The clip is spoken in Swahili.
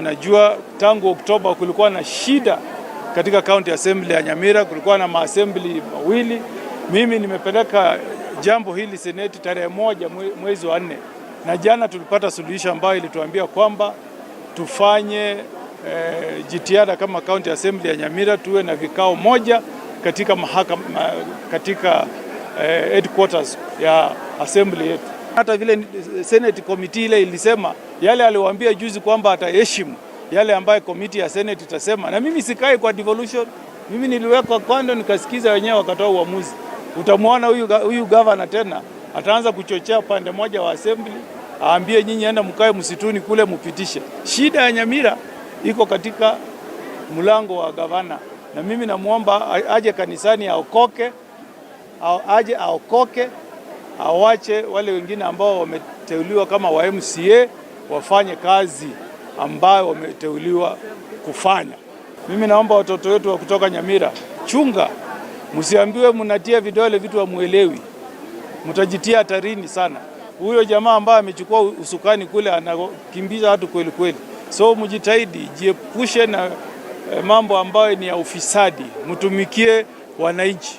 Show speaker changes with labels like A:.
A: Unajua, tangu Oktoba kulikuwa na shida katika county assembly ya Nyamira, kulikuwa na maassembly mawili. Mimi nimepeleka jambo hili seneti tarehe moja mwezi wa nne, na jana tulipata suluhisho ambayo ilituambia kwamba tufanye e, jitihada kama county assembly ya Nyamira tuwe na vikao moja katika mahakama, katika eh, headquarters ya assembly yetu. Hata vile eh, Senate committee ile ilisema yale aliwaambia juzi kwamba ataheshimu yale ambayo committee ya Senate itasema, na mimi sikai kwa devolution. Mimi niliwekwa kwando nikasikiza, wenyewe wakatoa uamuzi. Utamwona huyu, huyu gavana tena ataanza kuchochea pande moja wa assembly, aambie nyinyi enda mkae msituni kule mpitishe. Shida ya Nyamira iko katika mlango wa gavana, na mimi namwomba aje kanisani aokoke, aje aokoke awache wale wengine ambao wameteuliwa kama wa MCA wafanye kazi ambayo wameteuliwa kufanya. Mimi naomba watoto wetu wa kutoka Nyamira, chunga, msiambiwe mnatia vidole vitu hamuelewi, mtajitia hatarini sana. Huyo jamaa ambaye amechukua usukani kule anakimbiza watu kweli kweli, so mjitahidi, jiepushe na eh, mambo ambayo ni ya ufisadi, mtumikie wananchi.